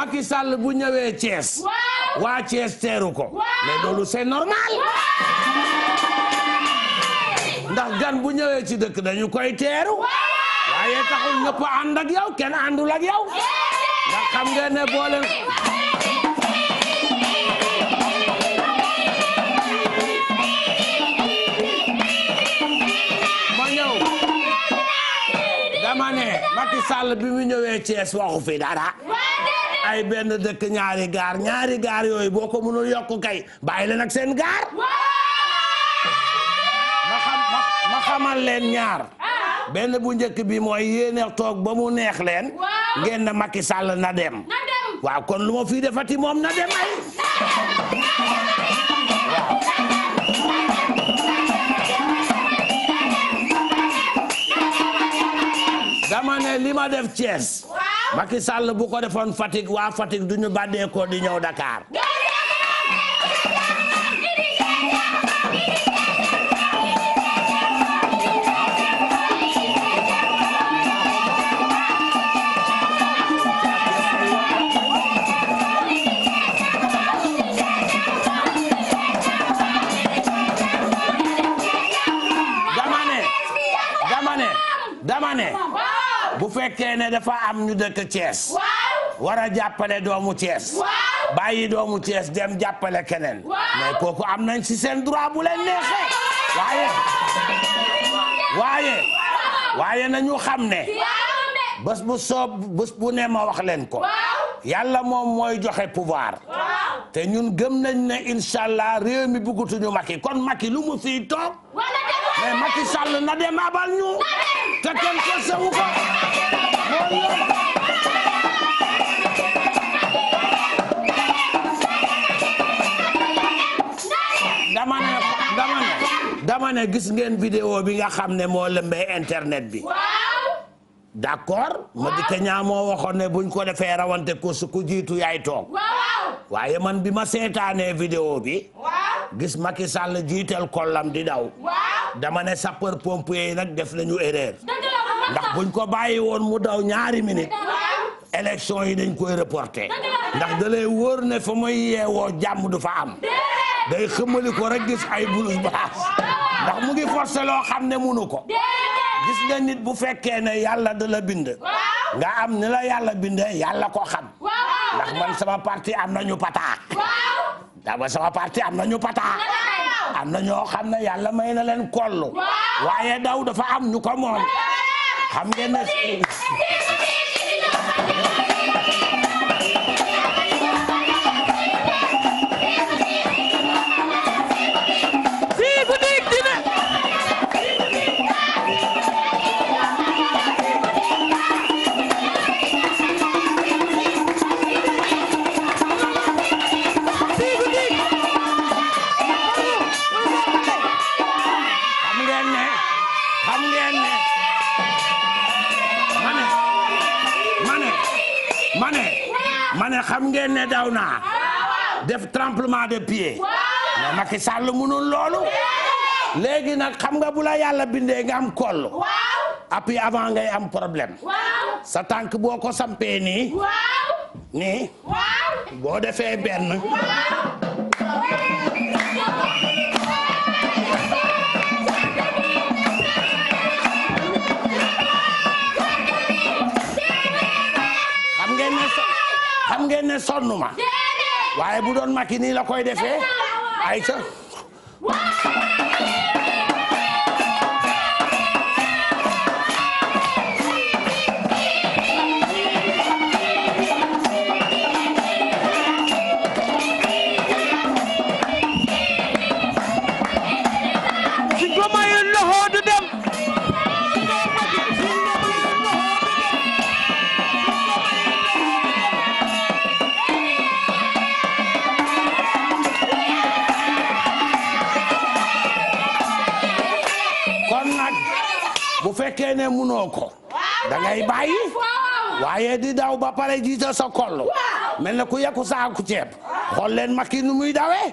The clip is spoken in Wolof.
Macky Sall bu ñëwee Thiès. waa cees teeru ko. mais loolu c'est normal. ndax gan bu ñëwee ci dëkk dañu koy teeru. waaye taxul ñëpp ànd ak yow kenn àndul ak yow. ndax xam ne boo ma ñëw. dama ne Macky Sall bi mu ñëwee cees waxu fi dara. ay benn dëkk ñaari gaar ñaari gaar yooyu boo ko mënul yokk kay bàyyi leen ak seen gaar ma xamal leen ñaar ah. benn bu njëkk bi mooy yéene toog ba mu neex leen ngeen na Macky Sall na dem waaw kon lu ma fii defati moom na dem ay dama ne li def Thiès Macky Sall bu ko defoon Fatick waa Fatick du ñu bàddee ko di ñëw Dakar. damane ne bu fekkee ne dafa am ñu dëkk Thiès. waaw war a jàppale doomu Thiès. bàyyi doomu Thiès dem jàppale keneen. mais kooku am nañ si seen droit bu leen neexee. waaye waaye waaye nañu xam ne. bés bu soob bés bu ne ma wax leen ko. yàlla moom mooy joxe pouvoir. te ñun gëm nañ ne incha allah réew mi bëggatuñu Macky kon Macky lu mu fii toog. mais Macky Sall na dem abal ñu. te kenn kesewu ko dama ne gis ngeen vidéo bi nga xam ne moo lëmbee internet bi d'accord ma dikk ñaa moo ne buñ ko defee rawante ko su ku jiitu yaay toog waaye man bi ma seetaanee vidéo bi gis Macky Sall jiital kollam di daw dama ne sapeur pompier yi nag def nañu erreur ndax buñ ko bàyyi woon mu daw ñaari minute élection yi dañ koy reporté ndax da lay wóor ne fa muy yeewoo jàmm du fa am day xëmmali ko rek gis ay bulus baas ndax mu ngi forcé loo xam ne munu ko gis nga nit bu fekkee ne yàlla dala la bind nga am ni la yàlla bindee yàlla ko xam ndax man sama parti am nañu pataa dama sama parti am na ñu pataa am na ñoo xam ne yàlla may na leen kollu waaye daw dafa am ñu ko moom xam ngeen ne ma ne xam ngeen ne daw naa def tremblement de pied mais Macky mu mënul loolu léegi nag xam nga bula yàlla bindee nga am koll appui avant ngay am problème sa tànk boo ko sampee nii nii boo defee benn sonn ma waaye bu doon Macky nii la koy defee ay ca fekkee ne munoo ko da ngay bàyyi waaye di daw ba pare jiita sa koll mel na ku yàqu saaku ceeb xool leen makki nu muy dawee